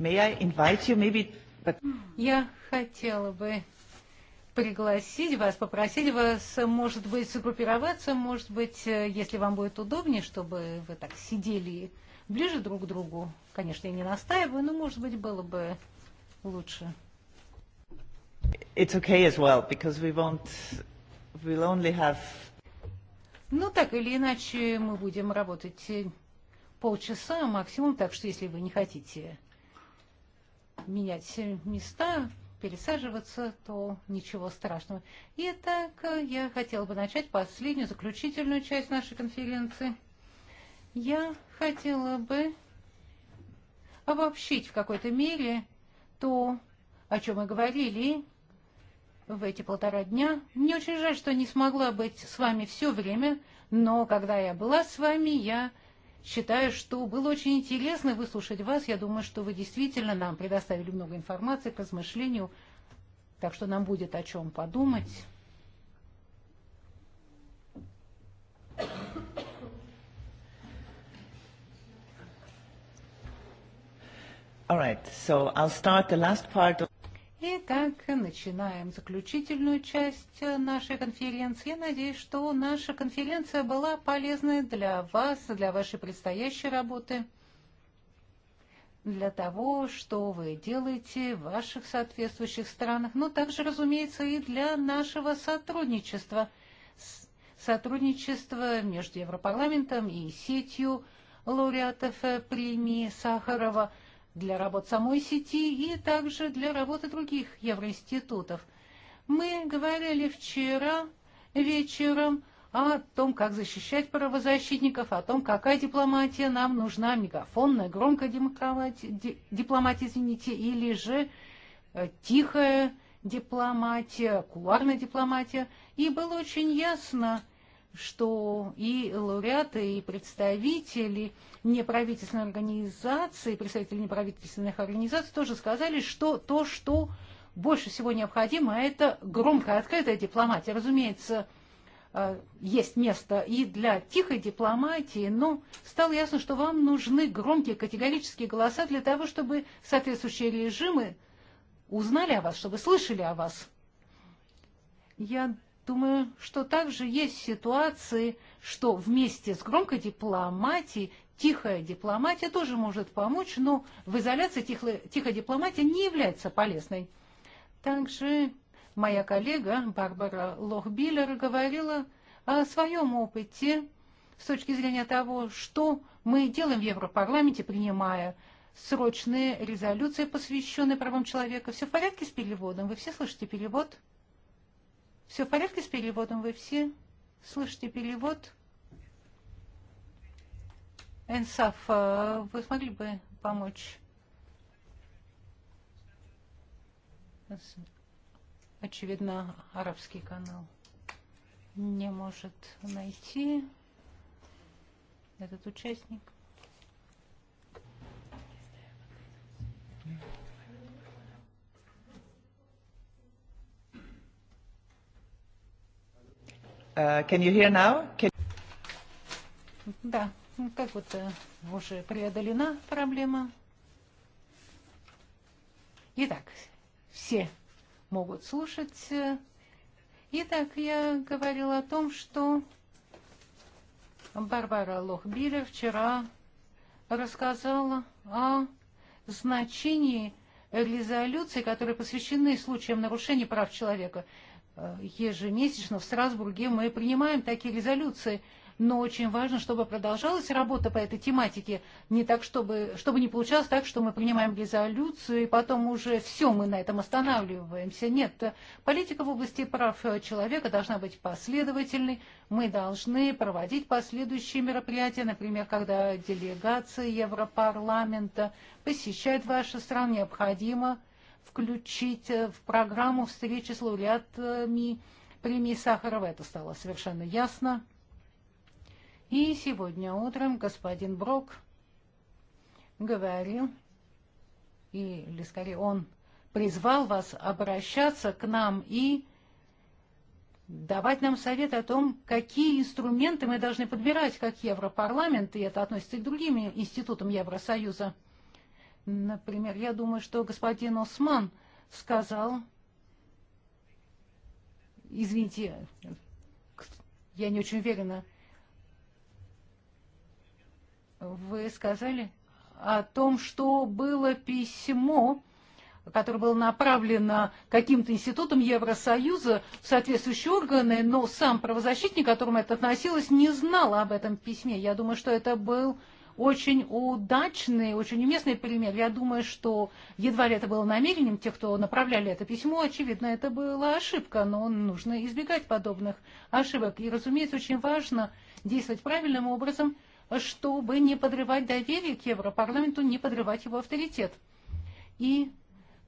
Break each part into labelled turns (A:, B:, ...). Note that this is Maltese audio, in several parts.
A: May I invite you maybe? But...
B: Я хотела бы пригласить вас, попросить вас, может быть, сгруппироваться, может быть, если вам будет удобнее, чтобы вы так сидели ближе друг к другу. Конечно, я не настаиваю, но, может быть, было бы лучше.
A: It's okay as well, because we won't, we'll only have...
B: Ну, так или иначе, мы будем работать полчаса максимум, так что если вы не хотите менять места, пересаживаться, то ничего страшного. Итак, э, я хотела бы начать последнюю, заключительную часть нашей конференции. Я хотела бы обобщить в какой-то мере то, о чем мы говорили в эти полтора дня. Мне очень жаль, что не смогла быть с вами все время, но когда я была с вами, я считаю, что было очень интересно выслушать вас. Я думаю, что вы действительно нам предоставили много информации к размышлению, так что нам будет о чем подумать.
C: All right, so I'll start the last part of
B: Итак, начинаем заключительную часть нашей конференции. Я надеюсь, что наша конференция была полезной для вас, для вашей предстоящей работы, для того, что вы делаете в ваших соответствующих странах, но также, разумеется, и для нашего сотрудничества, сотрудничества между Европарламентом и сетью лауреатов премии Сахарова – для работ самой сети и также для работы других евроинститутов. Мы говорили вчера вечером о том, как защищать правозащитников, о том, какая дипломатия нам нужна, мегафонная, громкая дипломатия, дипломатия извините, или же э, тихая дипломатия, куларная дипломатия. И было очень ясно, что и лауреаты, и представители неправительственных организаций, представители неправительственных организаций тоже сказали, что то, что больше всего необходимо, это громкая, открытая дипломатия. Разумеется, э, есть место и для тихой дипломатии, но стало ясно, что вам нужны громкие категорические голоса для того, чтобы соответствующие режимы узнали о вас, чтобы слышали о вас. Я Думаю, что также есть ситуации, что вместе с громкой дипломатией тихая дипломатия тоже может помочь, но в изоляции тихо, тихая дипломатия не является полезной. Также моя коллега Барбара Лохбиллер говорила о своем опыте с точки зрения того, что мы делаем в Европарламенте, принимая срочные резолюции, посвященные правам человека. Все в порядке с переводом? Вы все слышите перевод? Все в порядке с переводом? Вы все слышите перевод? Энсаф, э, вы смогли бы помочь? Очевидно, арабский канал не может найти этот участник.
A: Uh, can you hear now? Can...
B: Да, как вот э, уже преодолена проблема. Итак, все могут слушать. Итак, я говорила о том, что Барбара Лохбиля вчера рассказала о значении резолюции, которые посвящены случаям нарушений прав человека – Э, ежемесячно в Страсбурге мы принимаем такие резолюции. Но очень важно, чтобы продолжалась работа по этой тематике, не так, чтобы, чтобы не получалось так, что мы принимаем резолюцию, и потом уже все, мы на этом останавливаемся. Нет, политика в области прав человека должна быть последовательной, мы должны проводить последующие мероприятия, например, когда делегации Европарламента посещают ваши страны, необходимо включить в программу встречи с лауреатами э, премии Сахарова. Это стало совершенно ясно. И сегодня утром господин Брок говорил, или скорее он призвал вас обращаться к нам и давать нам совет о том, какие инструменты мы должны подбирать как Европарламент, и это относится и к другим институтам Евросоюза – Например, я думаю, что господин Осман сказал, извините, я не очень уверена, вы сказали о том, что было письмо, которое было направлено каким-то институтом Евросоюза в соответствующие органы, но сам правозащитник, к которому это относилось, не знал об этом письме. Я думаю, что это был очень удачный, очень уместный пример. Я думаю, что едва ли это было намерением тех, кто направляли это письмо, очевидно, это была ошибка, но нужно избегать подобных ошибок. И, разумеется, очень важно действовать правильным образом, чтобы не подрывать доверие к Европарламенту, не подрывать его авторитет. И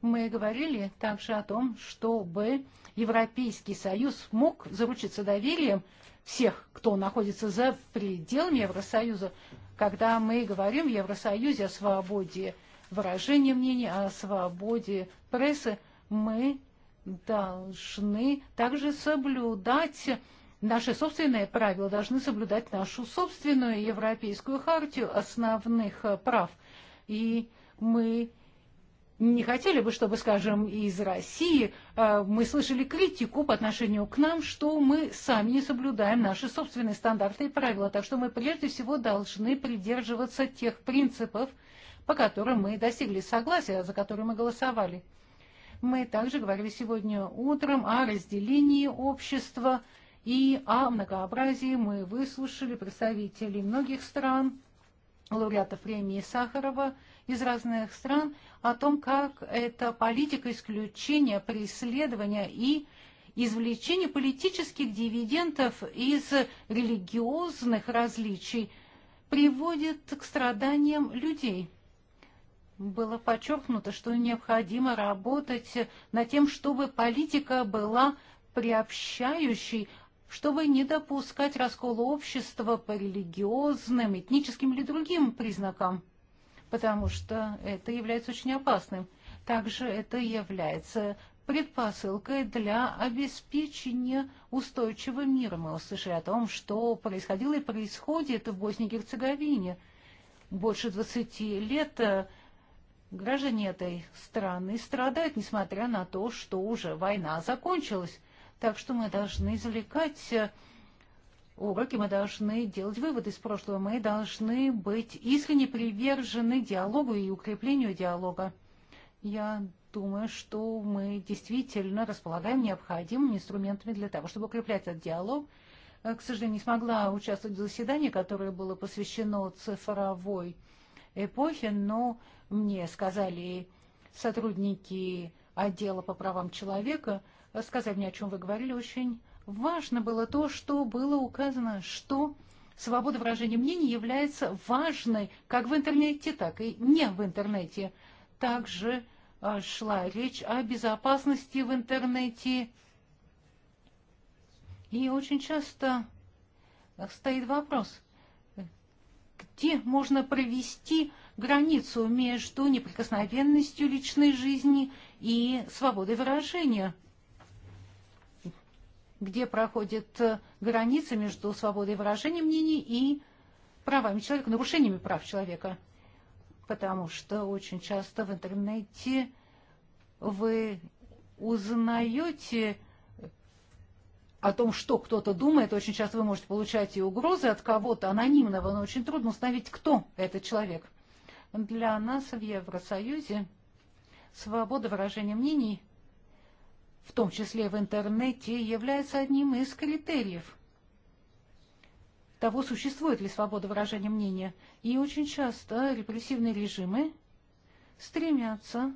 B: мы говорили также о том, чтобы Европейский Союз мог заручиться доверием всех, кто находится за пределами Евросоюза, когда мы говорим в Евросоюзе о свободе выражения мнений, о свободе прессы, мы должны также соблюдать наши собственные правила, должны соблюдать нашу собственную Европейскую хартию основных прав. И мы не хотели бы, чтобы, скажем, из России э, мы слышали критику по отношению к нам, что мы сами не соблюдаем наши собственные стандарты и правила. Так что мы прежде всего должны придерживаться тех принципов, по которым мы достигли согласия, за которые мы голосовали. Мы также говорили сегодня утром о разделении общества и о многообразии. Мы выслушали представителей многих стран лауреатов премии Сахарова из разных стран о том, как эта политика исключения, преследования и извлечения политических дивидендов из религиозных различий приводит к страданиям людей. Было подчеркнуто, что необходимо работать над тем, чтобы политика была приобщающей, чтобы не допускать раскола общества по религиозным, этническим или другим признакам, потому что это является очень опасным. Также это является предпосылкой для обеспечения устойчивого мира. Мы услышали о том, что происходило и происходит в Боснии и Герцеговине. Больше 20 лет э, граждане этой страны страдают, несмотря на то, что уже война закончилась. Так что мы должны извлекать э, уроки, мы должны делать выводы из прошлого, мы должны быть искренне привержены диалогу и укреплению диалога. Я думаю, что мы действительно располагаем необходимыми инструментами для того, чтобы укреплять этот диалог. Э, к сожалению, не смогла участвовать в заседании, которое было посвящено цифровой эпохе, но мне сказали сотрудники отдела по правам человека – сказать мне, о чем вы говорили. Очень важно было то, что было указано, что свобода выражения мнений является важной как в интернете, так и не в интернете. Также шла речь о безопасности в интернете. И очень часто стоит вопрос, где можно провести границу между неприкосновенностью личной жизни и свободой выражения – где проходит э, граница между свободой выражения мнений и правами человека, нарушениями прав человека. Потому что очень часто в интернете вы узнаете о том, что кто-то думает. Очень часто вы можете получать и угрозы от кого-то анонимного, но очень трудно установить, кто этот человек. Для нас в Евросоюзе свобода выражения мнений – в том числе в интернете, является одним из критериев того, существует ли свобода выражения мнения. И очень часто репрессивные режимы стремятся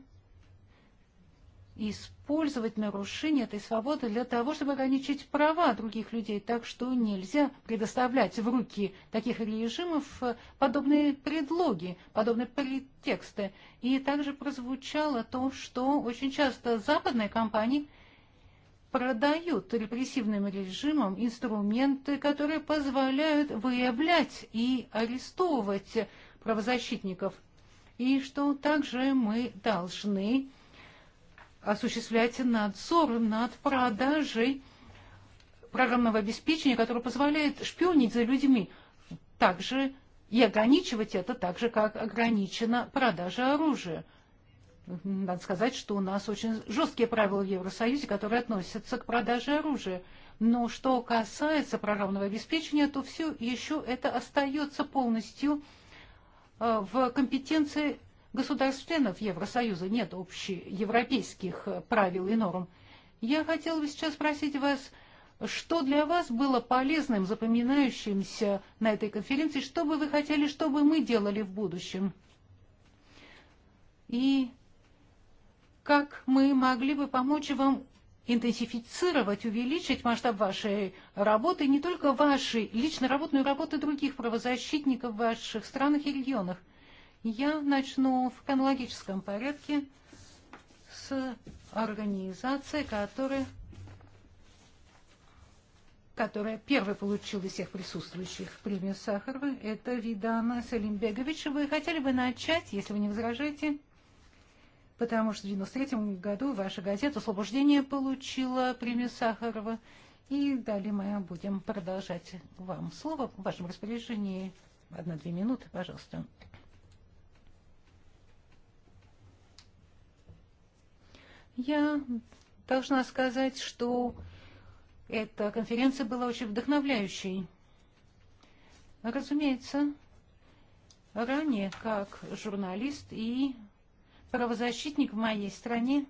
B: использовать использовать нарушение этой свободы для того, чтобы ограничить права других людей. Так что нельзя предоставлять в руки таких режимов э, подобные предлоги, подобные претексты. И также прозвучало то, что очень часто западные компании продают репрессивным режимам инструменты, которые позволяют выявлять и арестовывать правозащитников. И что также мы должны Осуществляется надзор над продажей программного обеспечения, которое позволяет шпионить за людьми также и ограничивать это так же, как ограничена продажа оружия. Надо сказать, что у нас очень жесткие правила в Евросоюзе, которые относятся к продаже оружия. Но что касается программного обеспечения, то все еще это остается полностью э, в компетенции государств-членов Евросоюза нет общеевропейских правил и норм. Я хотела бы сейчас спросить вас, что для вас было полезным, запоминающимся на этой конференции, что бы вы хотели, чтобы мы делали в будущем? И как мы могли бы помочь вам интенсифицировать, увеличить масштаб вашей работы, не только вашей личной работы, но и работы других правозащитников в ваших странах и регионах – Я начну в хронологическом порядке с организации, которая, которая первой получила из всех присутствующих премию Сахарова. Это Видана Салимбегович. Вы хотели бы начать, если вы не возражаете? Потому что в 1993 году ваша газета «Освобождение» получила премию Сахарова. И далее мы будем продолжать вам слово в вашем распоряжении. Одна-две минуты, Пожалуйста. Я должна сказать, что эта конференция была очень вдохновляющей. Разумеется, ранее как журналист и правозащитник в моей стране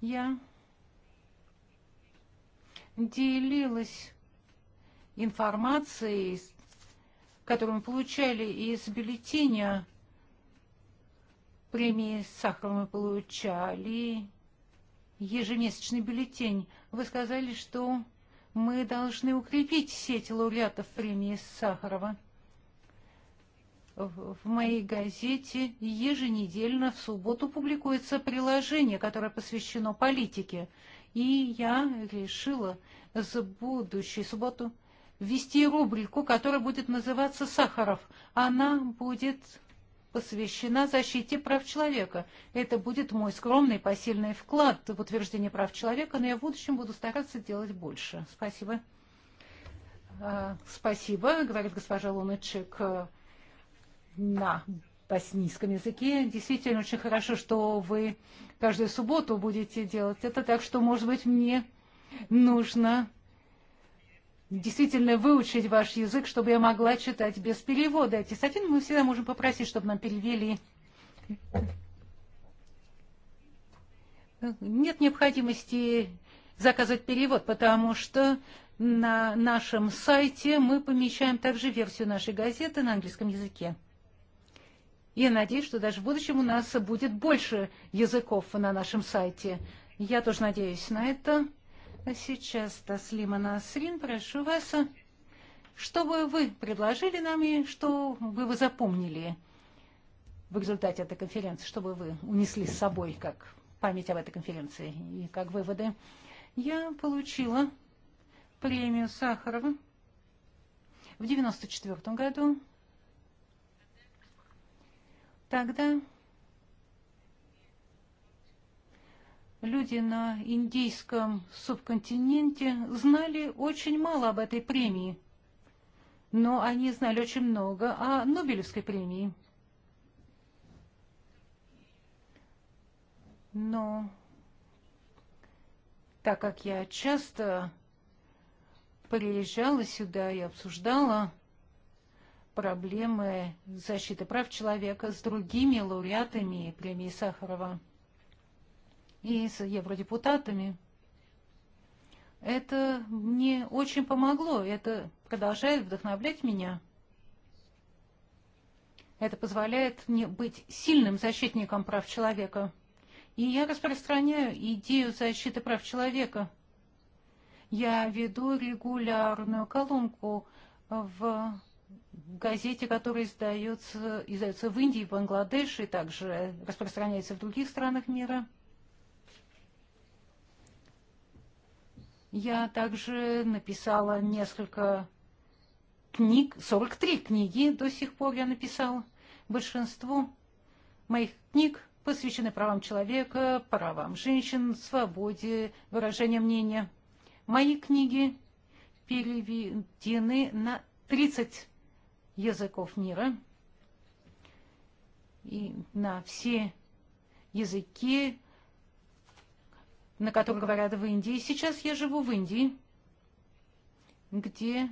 B: я делилась информацией, которую мы получали из бюллетеня премии Сахарова мы получали, ежемесячный бюллетень. Вы сказали, что мы должны укрепить сеть лауреатов премии Сахарова. В моей газете еженедельно в субботу публикуется приложение, которое посвящено политике. И я решила за будущую субботу ввести рубрику, которая будет называться «Сахаров». Она будет посвящена защите прав человека. Это будет мой скромный посильный вклад в утверждение прав человека, но я в будущем буду стараться делать больше. Спасибо. Спасибо, говорит госпожа Луначек э, на боснийском языке. Действительно, очень хорошо, что вы каждую субботу будете делать это, так что, может быть, мне нужно действительно выучить ваш язык, чтобы я могла читать без перевода эти статьи. Мы всегда можем попросить, чтобы нам перевели. Нет необходимости заказывать перевод, потому что на нашем сайте мы помещаем также версию нашей газеты на английском языке. Я надеюсь, что даже в будущем у нас будет больше языков на нашем сайте. Я тоже надеюсь на это. Сейчас Таслима Насрин, прошу вас, чтобы вы предложили нам и что бы вы запомнили в результате этой конференции, чтобы вы унесли с собой как память об этой конференции и как выводы. Я получила премию Сахарова в 1994 году. Тогда люди на индийском субконтиненте знали очень мало об этой премии, но они знали очень много о Нобелевской премии. Но так как я часто приезжала сюда и обсуждала проблемы защиты прав человека с другими лауреатами премии Сахарова, и с евродепутатами. Это мне очень помогло, это продолжает вдохновлять меня. Это позволяет мне быть сильным защитником прав человека. И я распространяю идею защиты прав человека. Я веду регулярную колонку в газете, которая издается, издается в Индии, в Бангладеше и также распространяется в других странах мира – Я также написала несколько книг, 43 книги до сих пор я написала. Большинство моих книг посвящены правам человека, правам женщин, свободе, выражению мнения. Мои книги переведены на 30 языков мира и на все языки на котором говорят в Индии. Сейчас я живу в Индии, где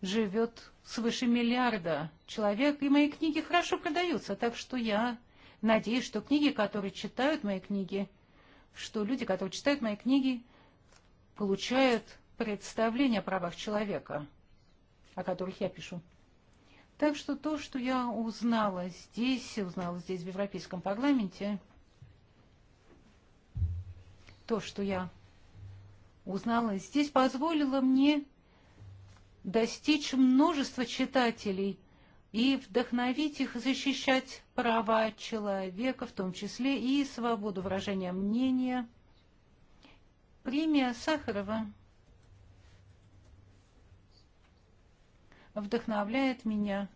B: живет свыше миллиарда человек, и мои книги хорошо продаются. Так что я надеюсь, что книги, которые читают мои книги, что люди, которые читают мои книги, получают представление о правах человека, о которых я пишу. Так что то, что я узнала здесь, узнала здесь в Европейском парламенте – то, что я узнала здесь, позволило мне достичь множества читателей и вдохновить их защищать права человека, в том числе и свободу выражения мнения. Премия Сахарова вдохновляет меня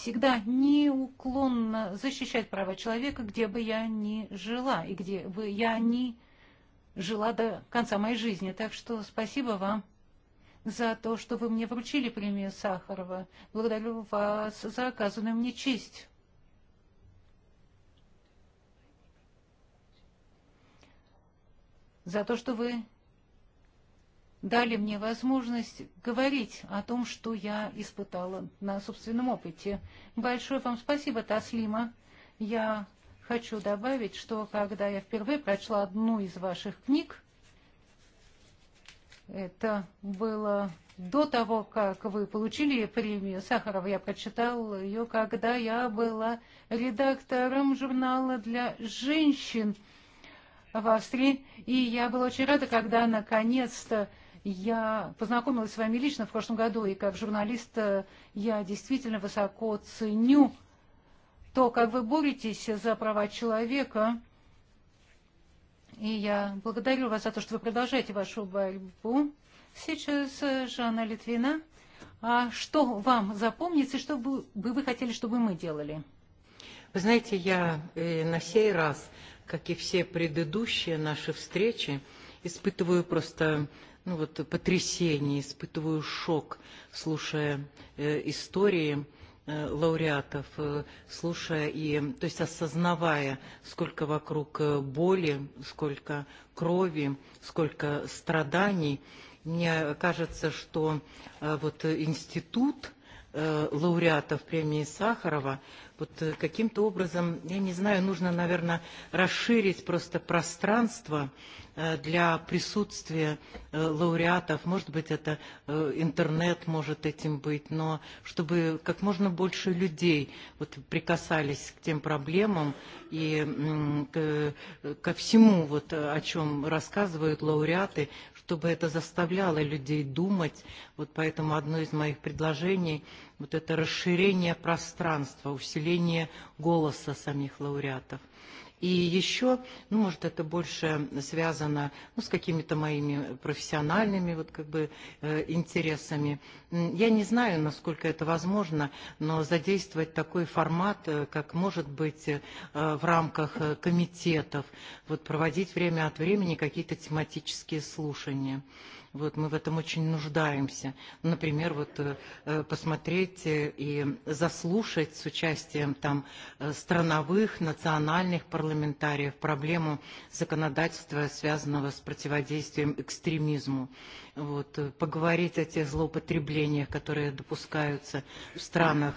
B: всегда неуклонно защищать права человека, где бы я ни жила и где бы я ни жила до конца моей жизни. Так что спасибо вам за то, что вы мне вручили премию Сахарова. Благодарю вас за оказанную мне честь. За то, что вы дали мне возможность говорить о том, что я испытала на собственном опыте. Большое вам спасибо, Таслима. Я хочу добавить, что когда я впервые прочла одну из ваших книг, это было до того, как вы получили премию Сахарова, я прочитала ее, когда я была редактором журнала для женщин в Австрии. И я была очень рада, когда наконец-то Я познакомилась с вами лично в прошлом году, и как журналист э, я действительно высоко ценю то, как вы боретесь за права человека. И я благодарю вас за то, что вы продолжаете вашу борьбу. Сейчас э, Жанна Литвина. А что вам запомнится, что бы вы хотели, чтобы мы делали?
C: Вы знаете, я э, на сей раз, как и все предыдущие наши встречи, испытываю просто ну, вот, потрясение, испытываю шок, слушая э, истории э, лауреатов, э, слушая и, то есть осознавая, сколько вокруг э, боли, сколько крови, сколько страданий. Мне кажется, что э, вот институт э, лауреатов премии Сахарова – Вот э, каким-то образом, я не знаю, нужно, наверное, расширить просто пространство э, для присутствия э, лауреатов. Может быть, это интернет может этим быть, но чтобы как можно больше людей вот прикасались к тем проблемам и ко всему, вот, о чем рассказывают лауреаты, чтобы это заставляло людей думать. Вот поэтому одно из моих предложений – вот это расширение пространства, усиление голоса самих лауреатов. И еще, ну, может, это больше связано ну, с какими-то моими профессиональными вот, как бы, э, интересами. Я не знаю, насколько это возможно, но задействовать такой формат, э, как может быть э, в рамках комитетов, вот, проводить время от времени какие-то тематические слушания. Вот мы в этом очень нуждаемся. Например, вот э, посмотреть э, и заслушать с участием там э, страновых, национальных парламентариев проблему законодательства, связанного с противодействием экстремизму. Вот, поговорить о тех злоупотреблениях, которые допускаются в странах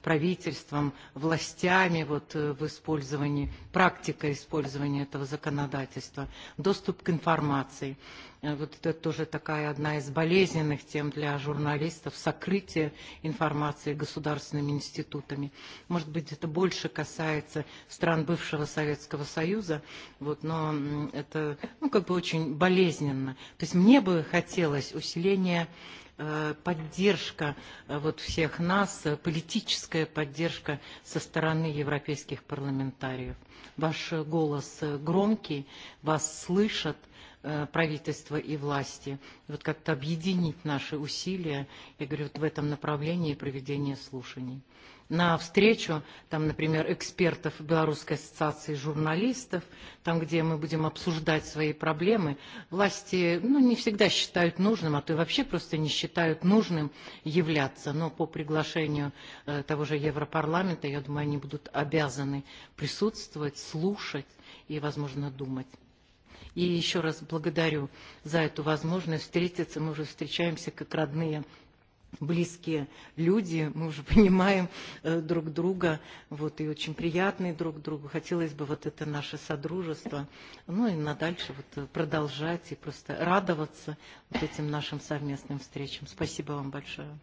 C: правительством, властями вот, в использовании, практика использования этого законодательства, доступ к информации. Вот это тоже такая одна из болезненных тем для журналистов, сокрытие информации государственными институтами. Может быть, это больше касается стран бывшего Советского Союза, вот, но это ну, как бы очень болезненно. То есть мне бы хотелось усиления э, поддержка э, вот всех нас, э, политическая поддержка со стороны европейских парламентариев. Ваш голос громкий, вас слышат, Э, правительства и власти, вот как-то объединить наши усилия, я говорю, вот в этом направлении проведения слушаний. На встречу, там, например, экспертов Белорусской ассоциации журналистов, там, где мы будем обсуждать свои проблемы, власти ну, не всегда считают нужным, а то и вообще просто не считают нужным являться. Но по приглашению э, того же Европарламента, я думаю, они будут обязаны присутствовать, слушать и, возможно, думать. И еще раз благодарю за эту возможность встретиться. Мы уже встречаемся как родные близкие люди, мы уже понимаем э, друг друга, вот, и очень приятные друг другу. Хотелось бы вот это наше содружество, ну и дальше вот э, продолжать и просто радоваться вот этим нашим совместным встречам. Спасибо вам большое.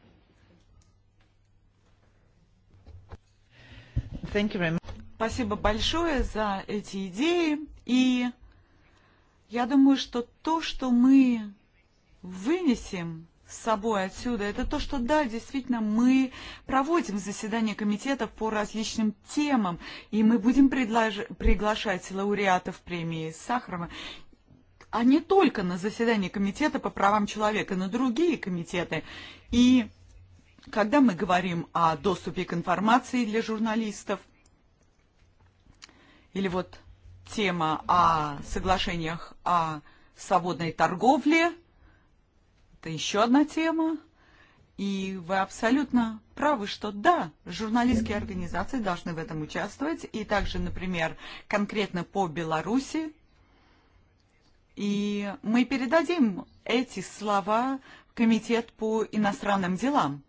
A: Thank you very much. Спасибо большое за эти идеи и Я думаю, что то, что мы вынесем с собой отсюда, это то, что да, действительно, мы проводим заседания комитетов по различным темам, и мы будем приглашать лауреатов премии Сахарова, а не только на заседание комитета по правам человека, на другие комитеты. И когда мы говорим о доступе к информации для журналистов, или вот тема о соглашениях о свободной торговле. Это еще одна тема. И вы абсолютно правы, что да, журналистские организации должны в этом участвовать. И также, например, конкретно по Беларуси. И мы передадим эти слова в Комитет по иностранным делам.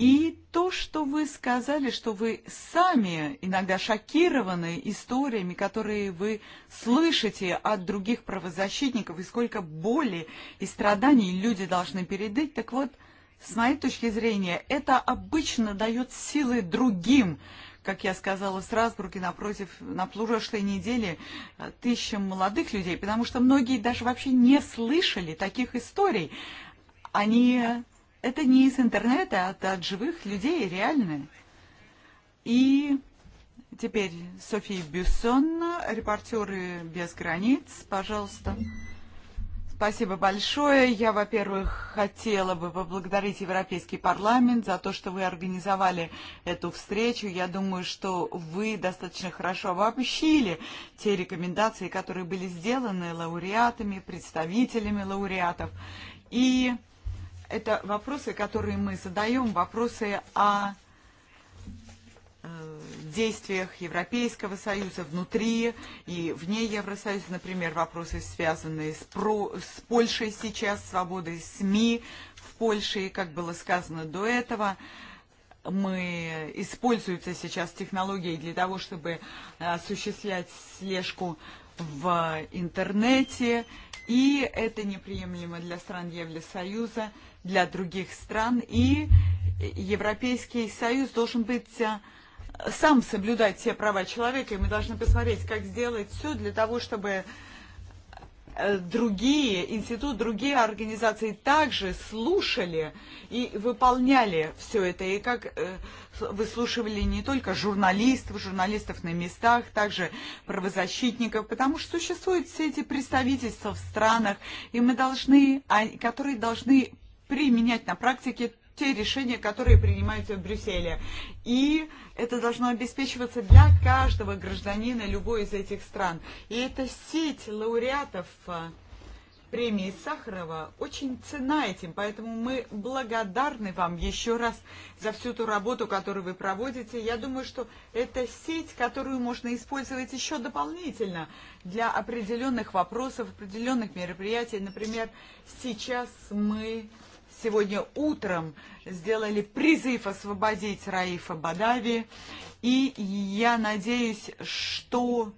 A: И то, что вы сказали, что вы сами иногда шокированы историями, которые вы слышите от других правозащитников, и сколько боли и страданий люди должны передать, так вот, с моей точки зрения, это обычно дает силы другим. Как я сказала в Страсбурге напротив, на прошлой неделе тысячам молодых людей, потому что многие даже вообще не слышали таких историй. Они Это не из интернета, а от живых людей, реально. И теперь София Бюссон, репортеры без границ, пожалуйста. Спасибо большое. Я, во-первых, хотела бы поблагодарить Европейский парламент за то, что вы организовали эту встречу. Я думаю, что вы достаточно хорошо обобщили те рекомендации, которые были сделаны лауреатами, представителями лауреатов. И это вопросы, которые мы задаем, вопросы о э, действиях Европейского Союза внутри и вне Евросоюза, например, вопросы, связанные с, про, с Польшей сейчас, свободой СМИ в Польше, и, как было сказано до этого, мы используются сейчас технологии для того, чтобы э, осуществлять слежку в интернете, и это неприемлемо для стран Евросоюза. Союза для других стран, и Европейский Союз должен быть э, сам соблюдать все права человека, и мы должны посмотреть, как сделать все для того, чтобы э, другие институты, другие организации также слушали и выполняли все это. И как э, выслушивали не только журналистов, журналистов на местах, также правозащитников, потому что существуют все эти представительства в странах, и мы должны, которые должны применять на практике те решения, которые принимаются в Брюсселе. И это должно обеспечиваться для каждого гражданина любой из этих стран. И эта сеть лауреатов премии Сахарова очень цена этим, поэтому мы благодарны вам еще раз за всю ту работу, которую вы проводите. Я думаю, что это сеть, которую можно использовать еще дополнительно для определенных вопросов, определенных мероприятий. Например, сейчас мы сегодня утром сделали призыв освободить Раифа Бадави. И я надеюсь, что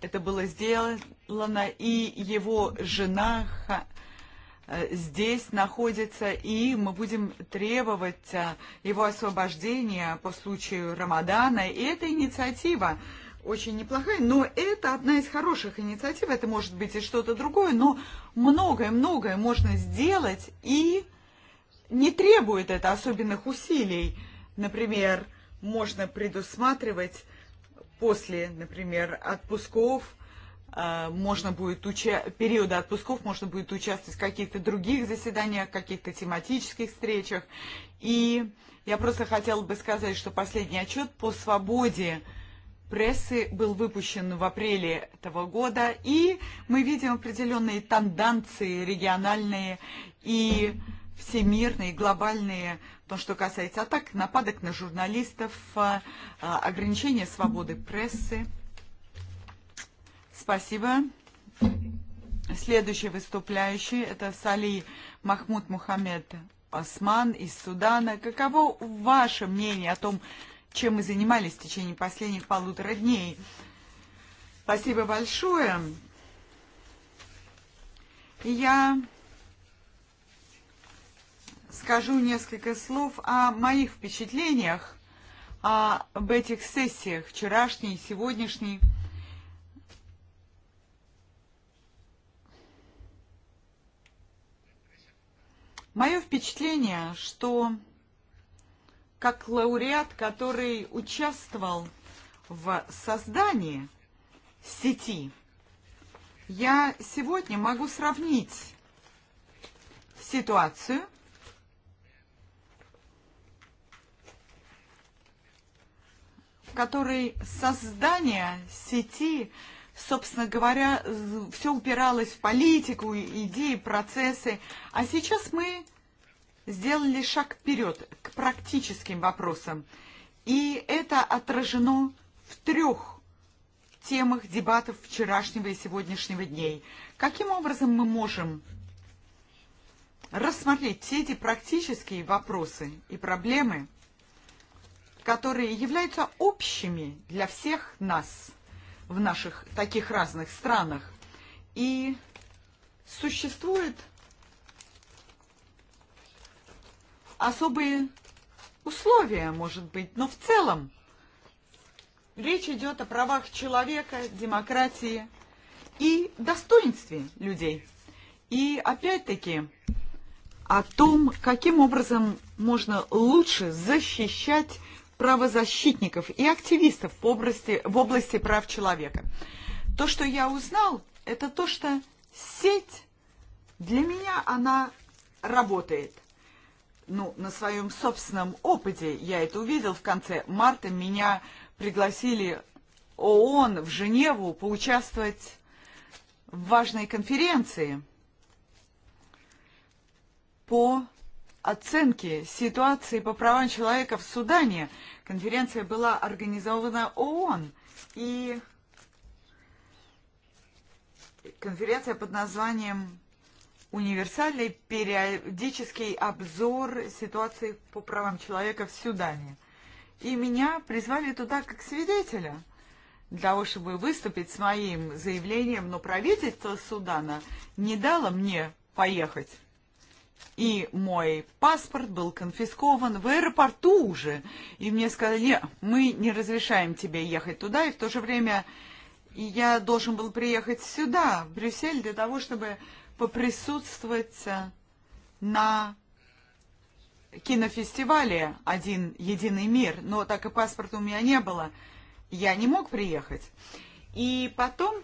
A: это было сделано, и его жена э, здесь находится, и мы будем требовать э, его освобождения по случаю Рамадана. И эта инициатива очень неплохая, но это одна из хороших инициатив, это может быть и что-то другое, но многое-многое можно сделать и не требует это особенных усилий. Например, можно предусматривать после, например, отпусков, э, можно будет уча... периода отпусков можно будет участвовать в каких-то других заседаниях, каких-то тематических встречах. И я просто хотела бы сказать, что последний отчет по свободе прессы был выпущен в апреле этого года, и мы видим определенные тенденции региональные и всемирные, глобальные, то, что касается атак, нападок на журналистов, э, э, ограничения свободы прессы. Спасибо. Следующий выступающий – это Сали Махмуд Мухаммед Осман из Судана. Каково ваше мнение о том, чем мы занимались в течение последних полутора дней? Спасибо большое. Я скажу несколько слов о моих впечатлениях об этих сессиях, вчерашней и сегодняшней. Мое впечатление, что как лауреат, который участвовал в создании сети, я сегодня могу сравнить ситуацию – который создание сети, собственно говоря, все упиралось в политику, идеи, процессы. А сейчас мы сделали шаг вперед к практическим вопросам. И это отражено в трех темах дебатов вчерашнего и сегодняшнего дней. Каким образом мы можем рассмотреть все эти практические вопросы и проблемы, которые являются общими для всех нас в наших таких разных странах. И существуют особые условия, может быть, но в целом речь идет о правах человека, демократии и достоинстве людей. И опять-таки о том, каким образом можно лучше защищать правозащитников и активистов в области, в области прав человека. То, что я узнал, это то, что сеть для меня, она работает. Ну, на своем собственном опыте я это увидел в конце марта. Меня пригласили ООН в Женеву поучаствовать в важной конференции по оценки ситуации по правам человека в Судане. Конференция была организована ООН. И конференция под названием «Универсальный периодический обзор ситуации по правам человека в Судане». И меня призвали туда как свидетеля для того, чтобы выступить с моим заявлением, но правительство Судана не дало мне поехать и мой паспорт был конфискован в аэропорту уже. И мне сказали, нет, мы не разрешаем тебе ехать туда, и в то же время я должен был приехать сюда, в Брюссель, для того, чтобы поприсутствовать на кинофестивале «Один единый мир», но так и паспорта у меня не было, я не мог приехать. И потом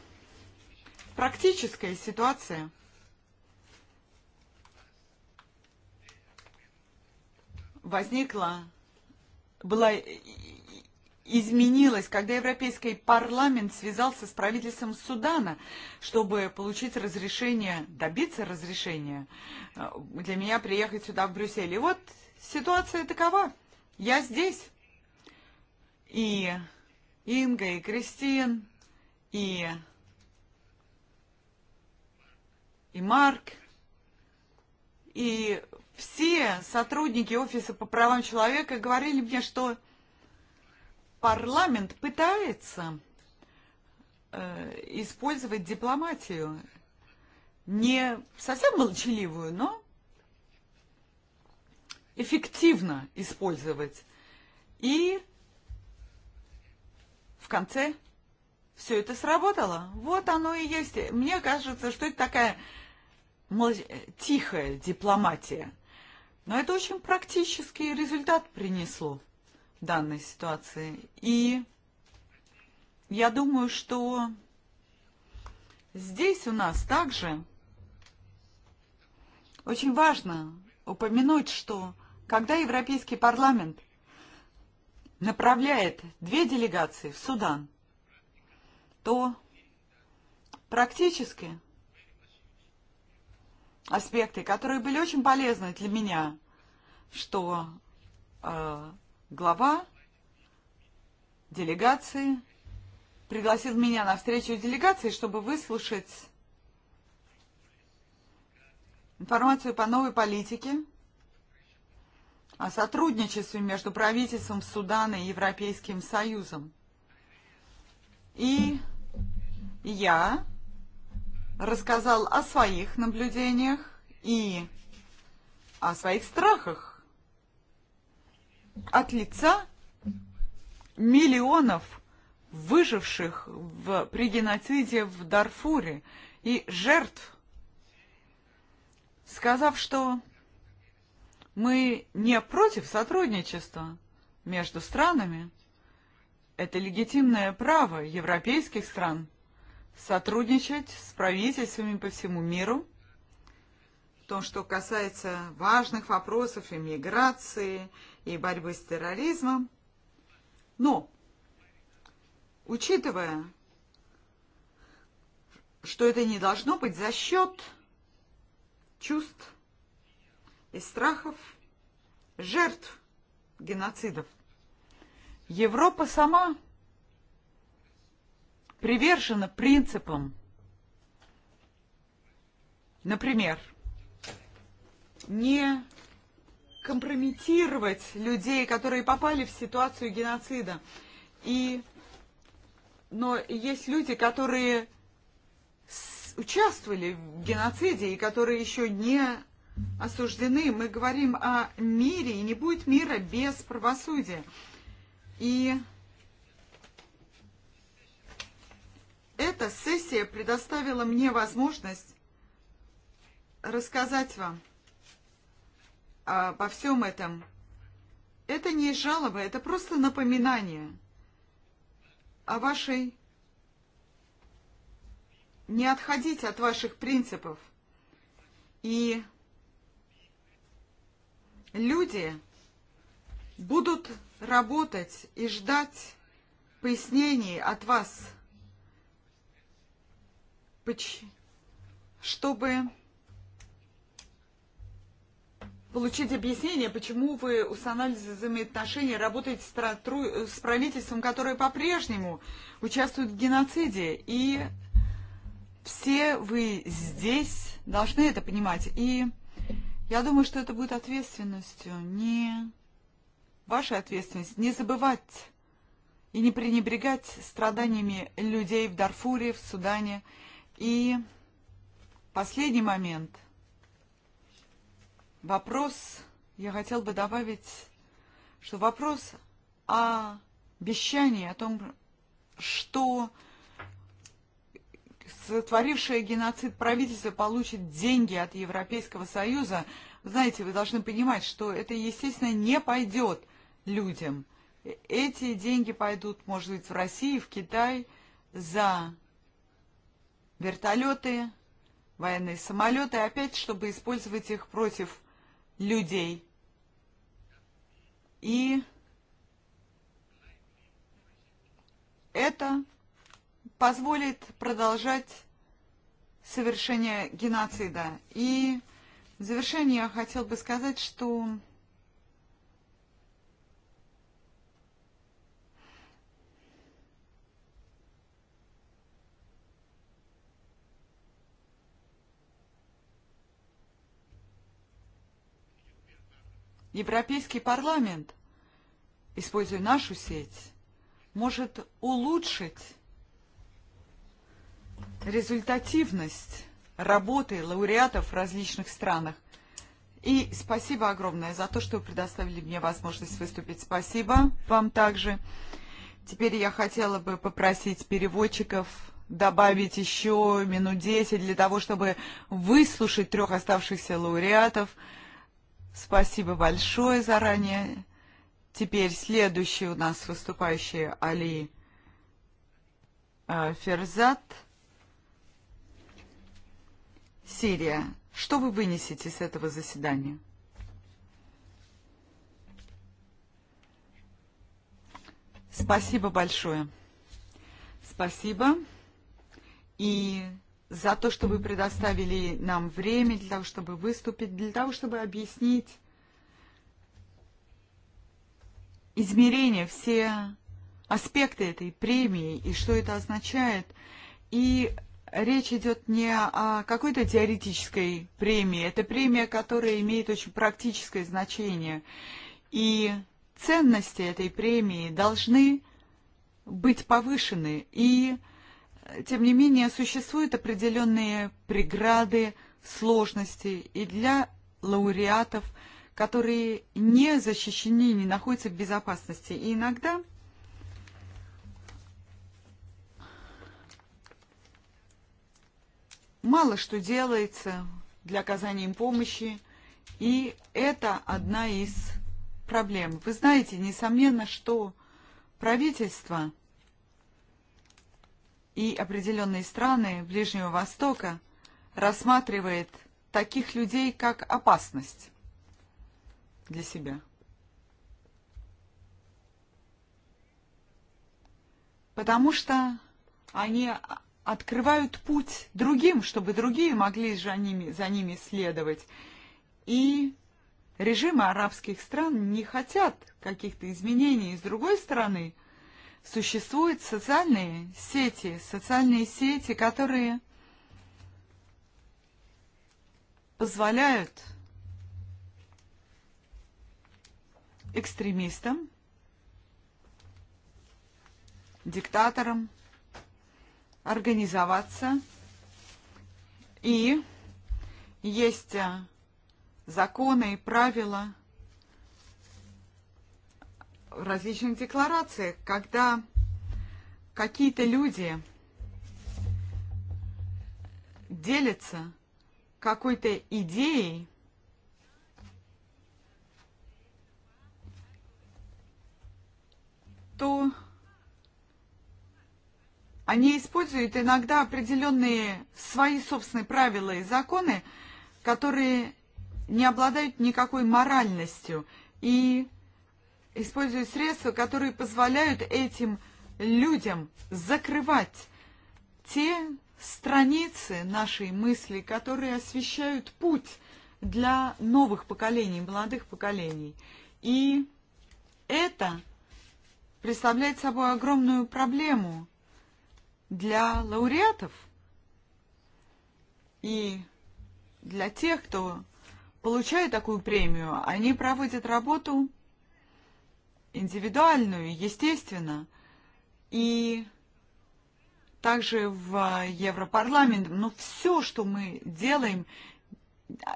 A: практическая ситуация – возникла, была изменилась, когда Европейский парламент связался с правительством Судана, чтобы получить разрешение, добиться разрешения э, для меня приехать сюда, в Брюссель. И вот ситуация такова. Я здесь. И Инга, и Кристин, и, и Марк, и все сотрудники Офиса по правам человека говорили мне, что парламент пытается э, использовать дипломатию. Не совсем молчаливую, но эффективно использовать. И в конце все это сработало. Вот оно и есть. Мне кажется, что это такая тихая дипломатия – Но это очень практический результат принесло в данной ситуации. И я думаю, что здесь у нас также очень важно упомянуть, что когда Европейский парламент направляет две делегации в Судан, то практически аспекты, которые были очень полезны для меня, что э, глава делегации пригласил меня на встречу делегации, чтобы выслушать информацию по новой политике, о сотрудничестве между правительством Судана и Европейским Союзом. И я рассказал о своих наблюдениях и о своих страхах от лица миллионов выживших в, при геноциде в Дарфуре и жертв, сказав, что мы не против сотрудничества между странами, это легитимное право европейских стран сотрудничать с правительствами по всему миру в том, что касается важных вопросов иммиграции и борьбы с терроризмом. Но, учитывая, что это не должно быть за счет чувств и страхов жертв геноцидов, Европа сама привержена принципам, например, не компрометировать людей, которые попали в ситуацию геноцида. И, но есть люди, которые участвовали в геноциде и которые еще не осуждены. Мы говорим о мире, и не будет мира без правосудия. И Эта сессия предоставила мне возможность рассказать вам обо всем этом. Это не жалоба, это просто напоминание о вашей... Не отходить от ваших принципов. И люди будут работать и ждать пояснений от вас – чтобы получить объяснение, почему вы с анализа взаимоотношений работаете с, с правительством, которое по-прежнему участвует в геноциде. И все вы здесь должны это понимать. И я думаю, что это будет ответственностью, не ваша ответственность, не забывать и не пренебрегать страданиями людей в Дарфуре, в Судане, И последний момент. Вопрос, я хотел бы добавить, что вопрос о обещании, о том, что сотворившее геноцид правительство получит деньги от Европейского Союза, знаете, вы должны понимать, что это, естественно, не пойдет людям. Эти деньги пойдут, может быть, в Россию, в Китай за вертолеты, военные самолеты, опять, чтобы использовать их против людей. И это позволит продолжать совершение геноцида. И в завершение я хотел бы сказать, что Европейский парламент, используя нашу сеть, может улучшить результативность работы лауреатов в различных странах. И спасибо огромное за то, что вы предоставили мне возможность выступить. Спасибо вам также. Теперь я хотела бы попросить переводчиков добавить еще минут 10 для того, чтобы выслушать трех оставшихся лауреатов – Спасибо большое заранее. Теперь следующий у нас выступающий Али э, Ферзат. Сирия. Что вы вынесете с этого заседания? Спасибо большое. Спасибо. И за то, что вы предоставили нам время для того, чтобы выступить, для того, чтобы объяснить измерения, все аспекты этой премии и что это означает. И речь идет не о какой-то теоретической премии, это премия, которая имеет очень практическое значение. И ценности этой премии должны быть повышены. И тем не менее, существуют определенные преграды, сложности и для лауреатов, которые не защищены, не находятся в безопасности. И иногда мало что делается для оказания им помощи, и это одна из проблем. Вы знаете, несомненно, что правительство – и определенные страны Ближнего Востока рассматривает таких людей как опасность для себя. Потому что они открывают путь другим, чтобы другие могли за ними, за ними следовать. И режимы арабских стран не хотят каких-то изменений. И с другой стороны, существуют социальные сети, социальные сети, которые позволяют экстремистам, диктаторам организоваться. И есть законы и правила – В различных декларациях, когда какие-то люди делятся какой-то идеей, то они используют иногда определенные свои собственные правила и законы, которые не обладают никакой моральностью и используя средства, которые позволяют этим людям закрывать те страницы нашей мысли, которые освещают путь для новых поколений, молодых поколений. И это представляет собой огромную проблему для лауреатов и для тех, кто получает такую премию. Они проводят работу индивидуальную, естественно. И также в Европарламент, Но все, что мы делаем,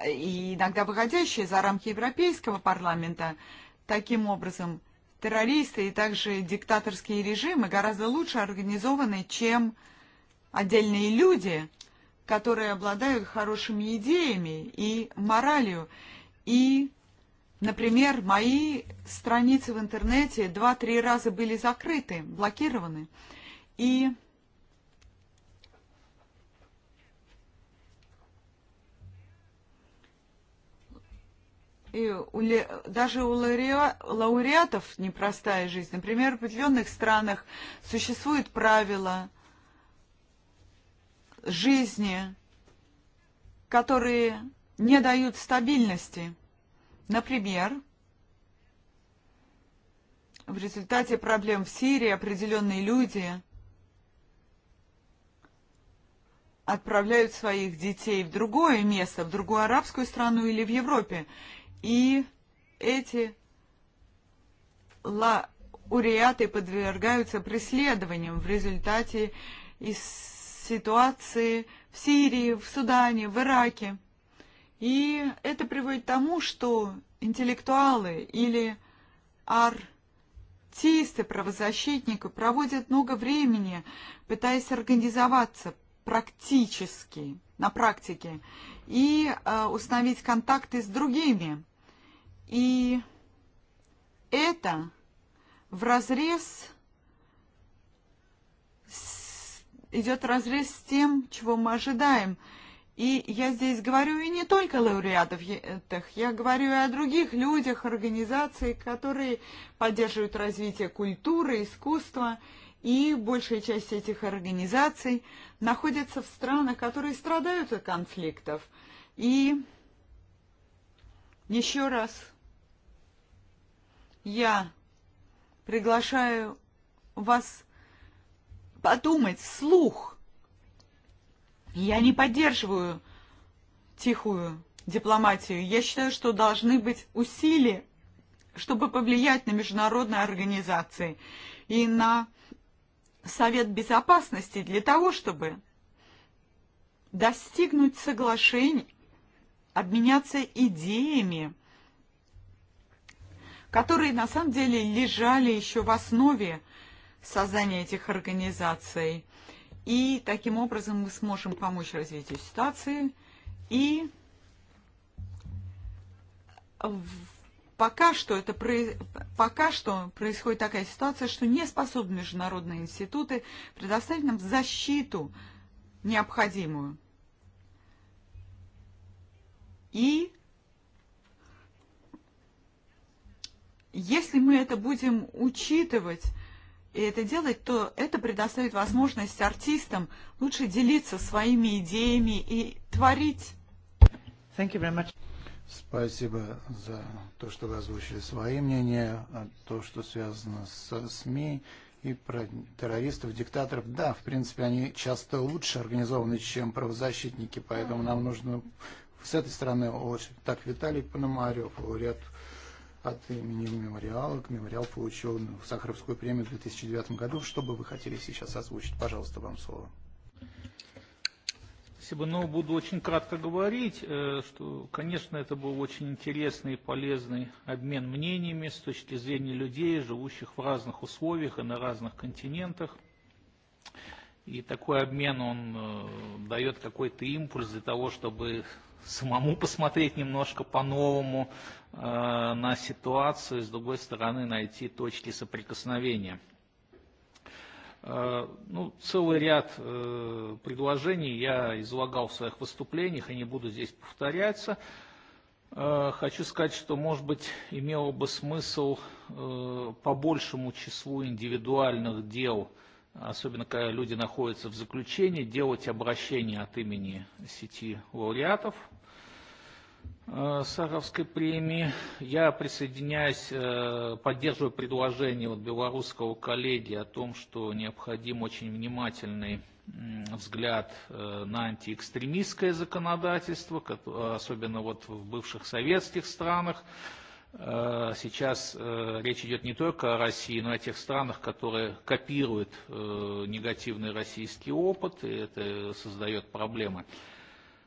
A: и иногда выходящее за рамки Европейского парламента, таким образом, террористы и также диктаторские режимы гораздо лучше организованы, чем отдельные люди, которые обладают хорошими идеями и моралью. И Например, мои страницы в интернете два-три раза были закрыты, блокированы. И И у, даже у лауреатов непростая жизнь. Например, в определенных странах существуют правила жизни, которые не дают стабильности – Например, в результате проблем в Сирии определенные люди отправляют своих детей в другое место, в другую арабскую страну или в Европе. И эти лауреаты подвергаются преследованиям в результате из ситуации в Сирии, в Судане, в Ираке. И это приводит к тому, что интеллектуалы или артисты, правозащитники проводят много времени, пытаясь организоваться практически, на практике, и э, установить контакты с другими. И это в разрез с, идет разрез с тем, чего мы ожидаем – И я здесь говорю и не только лауреатов, я говорю и о других людях, организациях, которые поддерживают развитие культуры, искусства. И большая часть этих организаций находится в странах, которые страдают от конфликтов. И еще раз я приглашаю вас подумать вслух – Я не поддерживаю тихую дипломатию. Я считаю, что должны быть усилия, чтобы повлиять на международные организации и на Совет Безопасности для того, чтобы достигнуть соглашений, обменяться идеями, которые на самом деле лежали еще в основе создания этих организаций. И таким образом мы сможем помочь развитию ситуации. И пока что, это, пока что происходит такая ситуация, что не способны международные институты предоставить нам защиту необходимую. И если мы это будем учитывать и это делать, то это предоставит возможность артистам лучше делиться своими идеями и творить. Thank you very much.
D: Спасибо за то, что вы озвучили свои мнения, то, что связано со СМИ и про террористов, диктаторов. Да, в принципе, они часто лучше организованы, чем правозащитники, поэтому нам нужно с этой стороны очень. Так, Виталий Пономарев, ряд от имени мемориала к мемориал получил Сахаровскую премию в 2009 году. Что бы вы хотели сейчас озвучить? Пожалуйста, вам слово.
E: Спасибо. Ну, буду очень кратко говорить, э, что, конечно, это был очень интересный и полезный обмен мнениями с точки зрения людей, живущих в разных условиях и на разных континентах. И такой обмен, он э, дает какой-то импульс для того, чтобы самому посмотреть немножко по-новому э, на ситуацию, с другой стороны найти точки соприкосновения. Э, ну, целый ряд э, предложений я излагал в своих выступлениях, и не буду здесь повторяться. Э, хочу сказать, что, может быть, имело бы смысл э, по большему числу индивидуальных дел – особенно когда люди находятся в заключении, делать обращение от имени сети лауреатов э, Саровской премии. Я присоединяюсь, э, поддерживаю предложение от белорусского коллеги о том, что необходим очень внимательный взгляд э, на антиэкстремистское законодательство, особенно вот в бывших советских странах, Э, сейчас э, речь идет не только о России, но и о тех странах, которые копируют э, негативный российский опыт, и это создает проблемы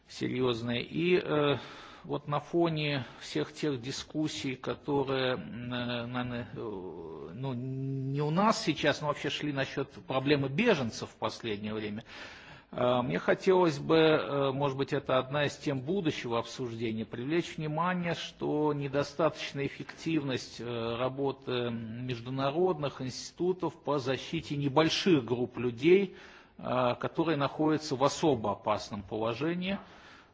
E: серьезные. И вот на фоне всех тех дискуссий, которые наверное, ну, не у нас сейчас, но вообще шли насчет проблемы беженцев в последнее время, Э, мне хотелось бы, э, может быть, это одна из тем будущего обсуждения, привлечь внимание, что недостаточная эффективность э, работы международных институтов по защите небольших групп людей, которые находятся в особо опасном положении.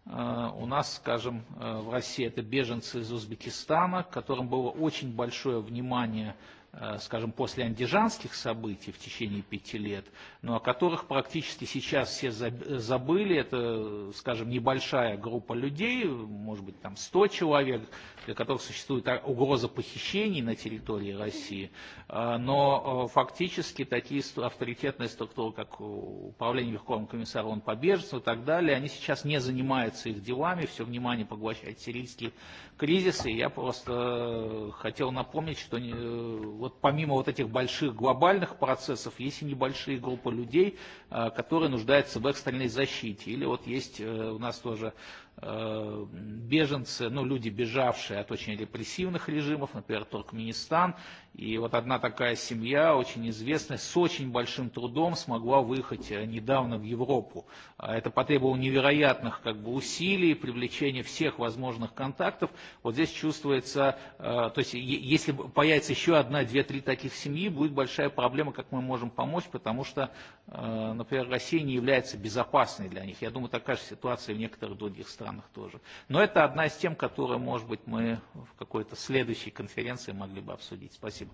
E: У нас, скажем, в России это беженцы из Узбекистана, которым было очень большое внимание Э, скажем, после андижанских событий в течение пяти лет, но о которых практически сейчас все забыли. Это, скажем, небольшая группа людей, может быть, там 100 человек, для которых существует угроза похищений на территории России. Э, но э, фактически такие авторитетные структуры, как Управление Верховным комиссаром ООН по беженству и так далее, они сейчас не занимаются их делами, все внимание поглощает сирийский кризис. И я просто хотел напомнить, что вот помимо вот этих больших глобальных процессов, есть и небольшие группы людей, э, которые нуждаются в экстренной защите. Или вот есть э, у нас тоже Э, беженцы, ну, люди, бежавшие от очень репрессивных режимов, например, Туркменистан. И вот одна такая семья, очень известная, с очень большим трудом смогла выехать э, недавно в Европу. Это потребовало невероятных как бы, усилий, привлечения всех возможных контактов. Вот здесь чувствуется, э, то есть если появится еще одна, две, три таких семьи, будет большая проблема, как мы можем помочь, потому что, например, Россия не является безопасной для них. Я думаю, такая же ситуация в некоторых других странах странах тоже. Но это одна из тем, которую, может быть, мы в какой-то следующей конференции могли бы обсудить. Спасибо.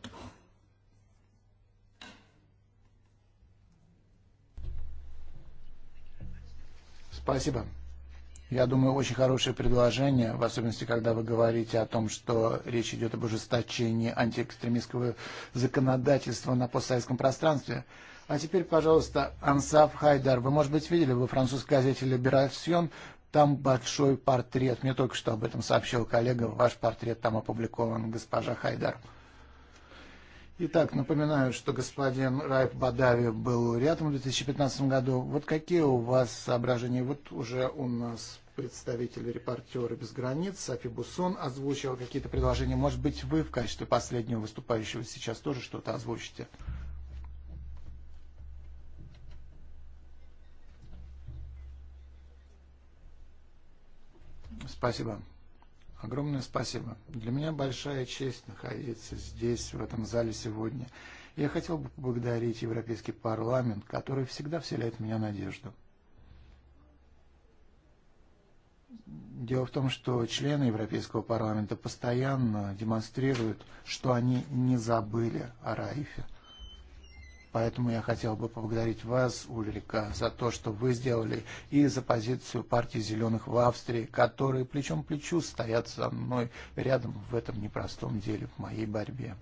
D: Спасибо. Я думаю, очень хорошее предложение, в особенности, когда вы говорите о том, что речь идет об ужесточении антиэкстремистского законодательства на постсоветском пространстве. А теперь, пожалуйста, Ансаф Хайдар. Вы, может быть, видели вы французской газете «Либерасьон» Там большой портрет, мне только что об этом сообщил коллега, ваш портрет там опубликован, госпожа Хайдар. Итак, напоминаю, что господин Райф Бадави был рядом в 2015 году. Вот какие у вас соображения? Вот уже у нас представитель репортера «Без границ» Софи Бусон озвучил какие-то предложения. Может быть, вы в качестве последнего выступающего сейчас тоже что-то озвучите? Спасибо. Огромное спасибо. Для меня большая честь находиться здесь, в этом зале сегодня. Я хотел бы поблагодарить Европейский парламент, который всегда вселяет в меня надежду. Дело в том, что члены Европейского парламента постоянно демонстрируют, что они не забыли о Раифе. Поэтому я хотел бы поблагодарить вас, Ульрика, за то, что вы сделали, и за позицию партии «Зеленых» в Австрии, которые плечом к плечу стоят со мной рядом в этом непростом деле, в моей борьбе.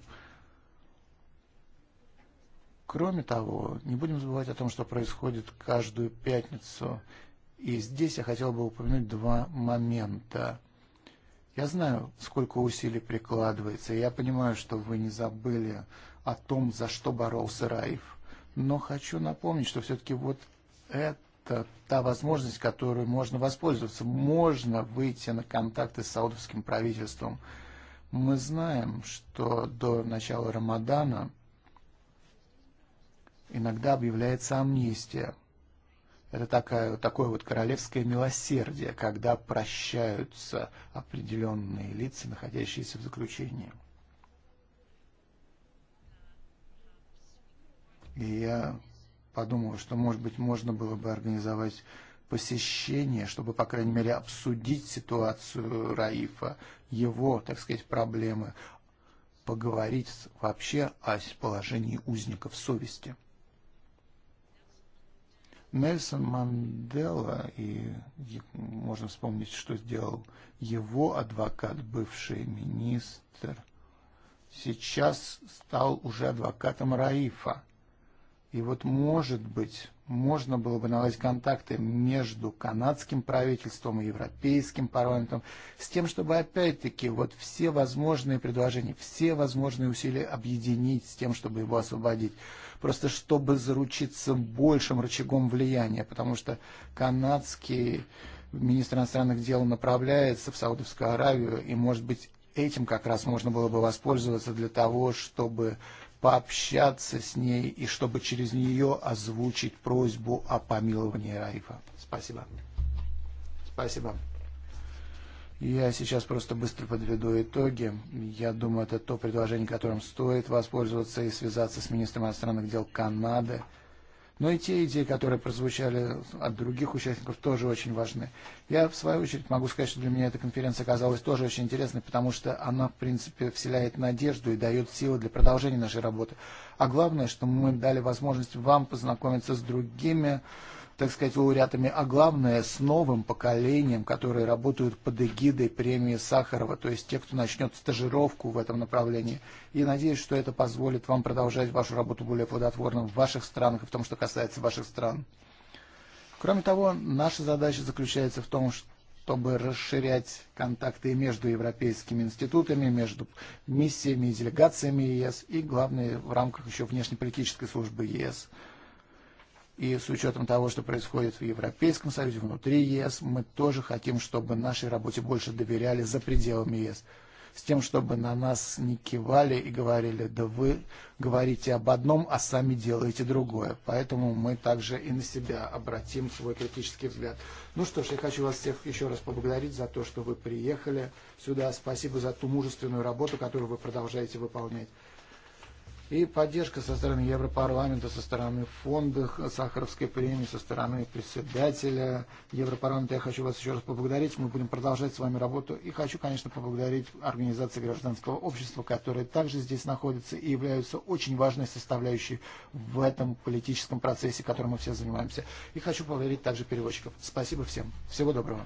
D: Кроме того, не будем забывать о том, что происходит каждую пятницу. И здесь я хотел бы упомянуть два момента – Я знаю, сколько усилий прикладывается. Я понимаю, что вы не забыли о том, за что боролся Раиф. Но хочу напомнить, что все-таки вот это та возможность, которую можно воспользоваться. Можно выйти на контакты с саудовским правительством. Мы знаем, что до начала Рамадана иногда объявляется амнистия. Это такая, такое вот королевское милосердие, когда прощаются определенные лица, находящиеся в заключении. И я подумал, что, может быть, можно было бы организовать посещение, чтобы, по крайней мере, обсудить ситуацию Раифа, его, так сказать, проблемы, поговорить вообще о положении узников совести. Нельсон Мандела, и можно вспомнить, что сделал его адвокат, бывший министр, сейчас стал уже адвокатом Раифа. И вот, может быть, можно было бы наладить контакты между канадским правительством и европейским парламентом, с тем, чтобы опять-таки вот все возможные предложения, все возможные усилия объединить с тем, чтобы его освободить просто чтобы заручиться большим рычагом влияния, потому что канадский министр иностранных дел направляется в Саудовскую Аравию, и, может быть, этим как раз можно было бы воспользоваться для того, чтобы пообщаться с ней и чтобы через нее озвучить просьбу о помиловании Раифа. Спасибо. Спасибо. Я сейчас просто быстро подведу итоги. Я думаю, это то предложение, которым стоит воспользоваться и связаться с министром иностранных дел Канады. Но и те идеи, которые прозвучали от других участников, тоже очень важны. Я, в свою очередь, могу сказать, что для меня эта конференция оказалась тоже очень интересной, потому что она, в принципе, вселяет надежду и дает силы для продолжения нашей работы. А главное, что мы дали возможность вам познакомиться с другими так сказать, лауреатами, а главное, с новым поколением, которые работают под эгидой премии Сахарова, то есть те, кто начнет стажировку в этом направлении. И надеюсь, что это позволит вам продолжать вашу работу более плодотворно в ваших странах и в том, что касается ваших стран. Кроме того, наша задача заключается в том, что чтобы расширять контакты между европейскими институтами, между миссиями и делегациями ЕС и, главное, в рамках еще внешнеполитической службы ЕС. И с учетом того, что происходит в Европейском Союзе, внутри ЕС, мы тоже хотим, чтобы нашей работе больше доверяли за пределами ЕС. С тем, чтобы на нас не кивали и говорили, да вы говорите об одном, а сами делаете другое. Поэтому мы также и на себя обратим свой критический взгляд. Ну что ж, я хочу вас всех еще раз поблагодарить за то, что вы приехали сюда. Спасибо за ту мужественную работу, которую вы продолжаете выполнять и поддержка со стороны Европарламента, со стороны фонда Сахаровской премии, со стороны председателя Европарламента. Я хочу вас еще раз поблагодарить. Мы будем продолжать с вами работу. И хочу, конечно, поблагодарить организации гражданского общества, которые также здесь находятся и являются очень важной составляющей в этом политическом процессе, которым мы все занимаемся. И хочу поблагодарить также переводчиков. Спасибо всем. Всего доброго.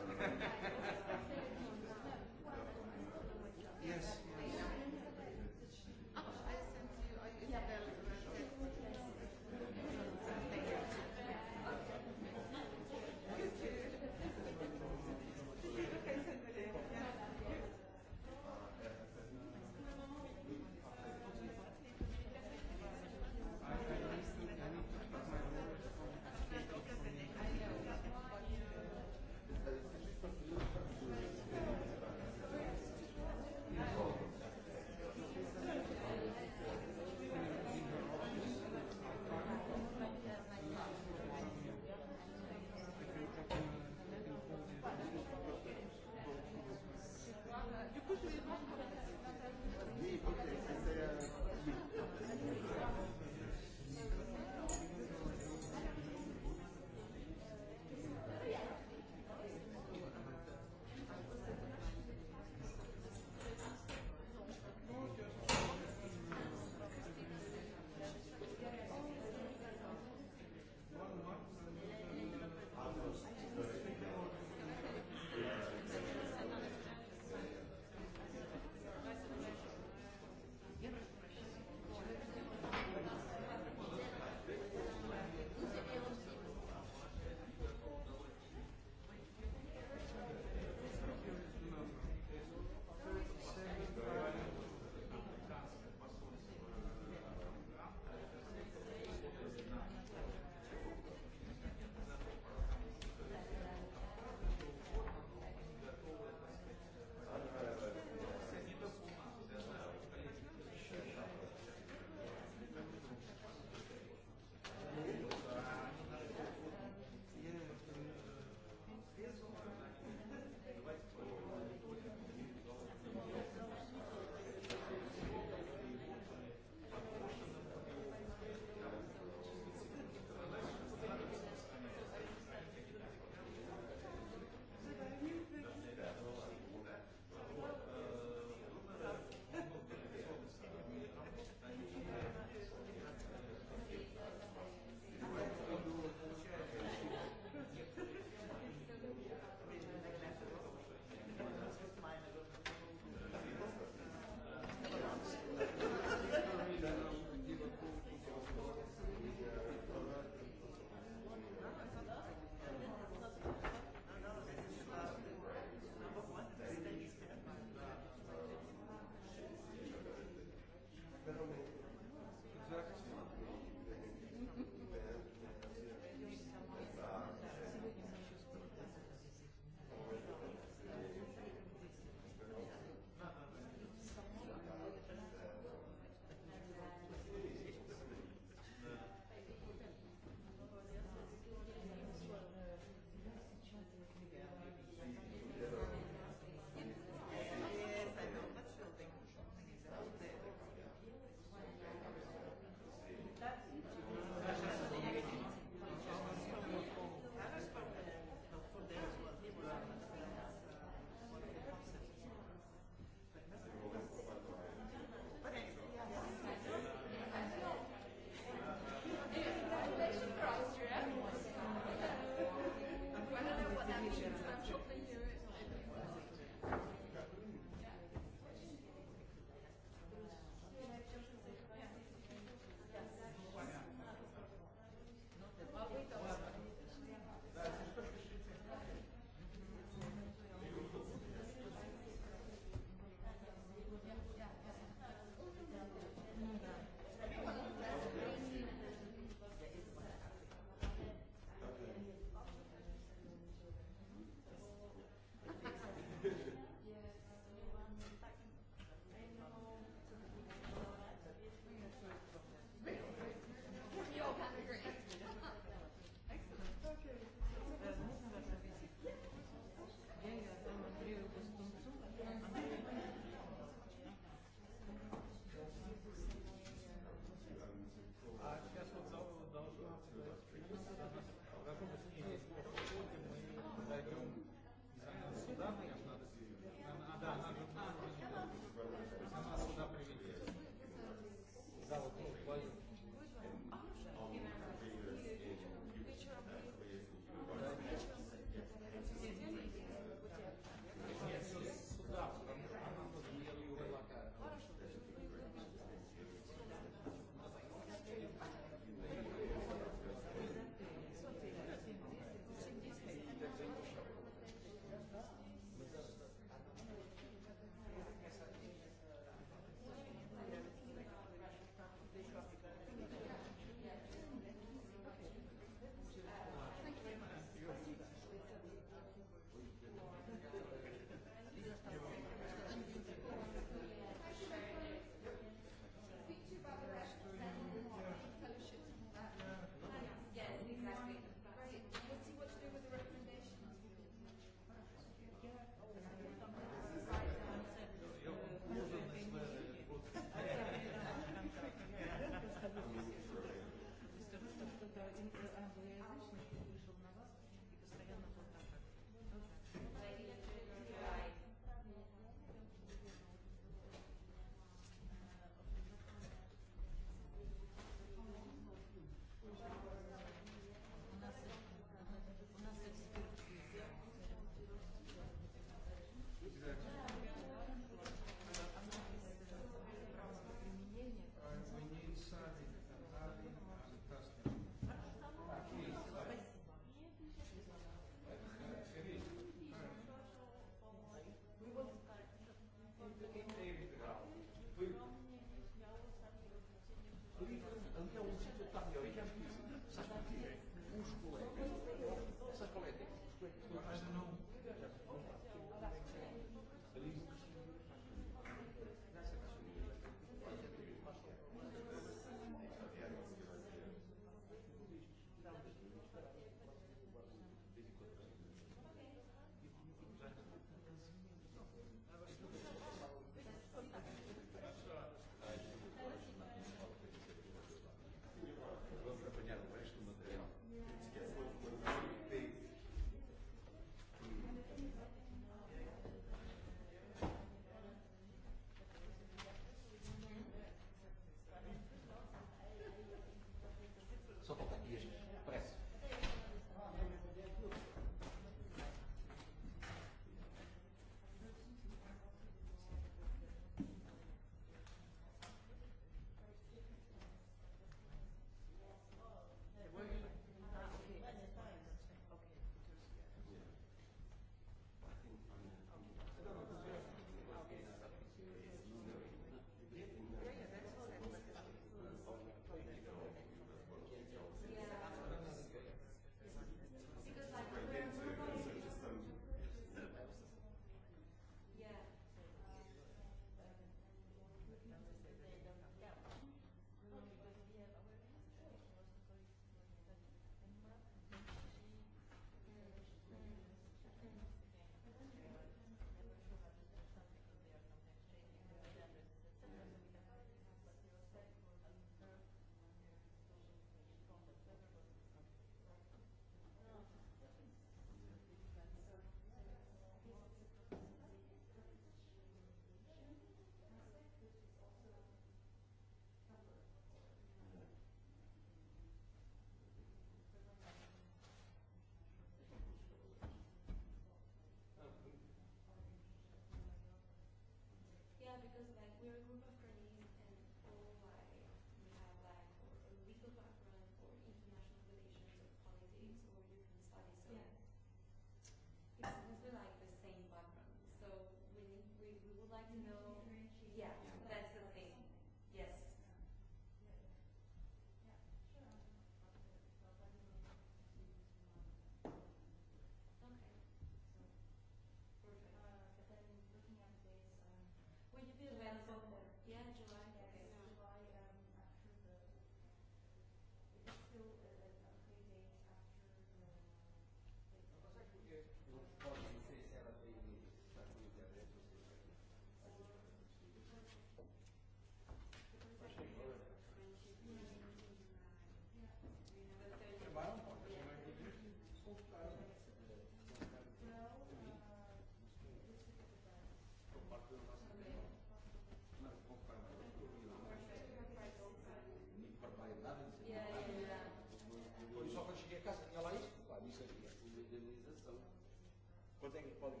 E: think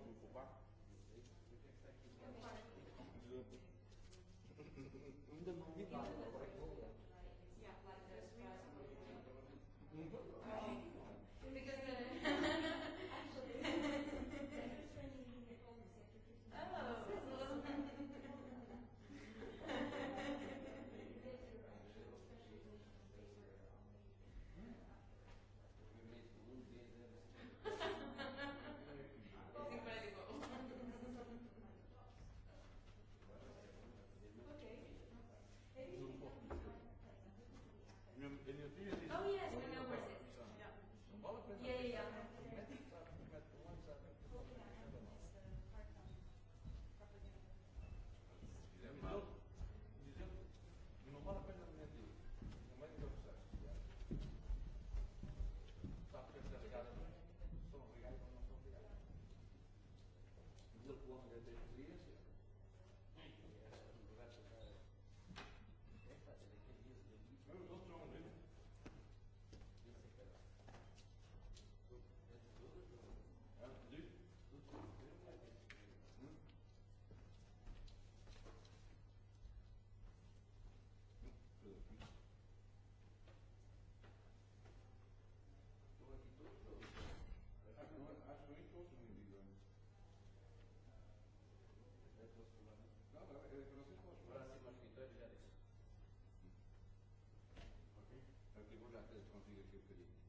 E: kif kif kif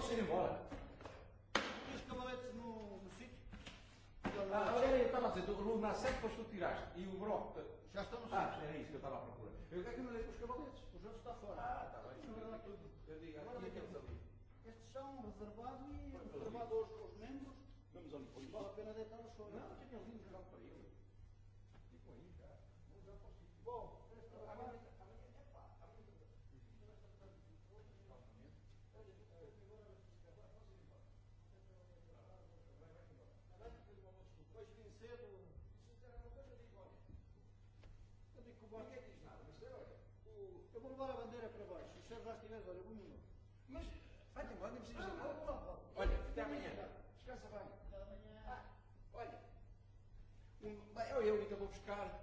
E: mux inim għara. Biex kamaret nu musik? Għalli tala zidu, runa sekko xtu tirax, ju mrot. Xastam xtu? Ah, xeħi, xtu tala prokura. Għakim
D: li kux kamaret? Uġu stafora. Ah, tala. Għaxċan rizervati, rizervati uġ membru. jew jitlobu b'xkar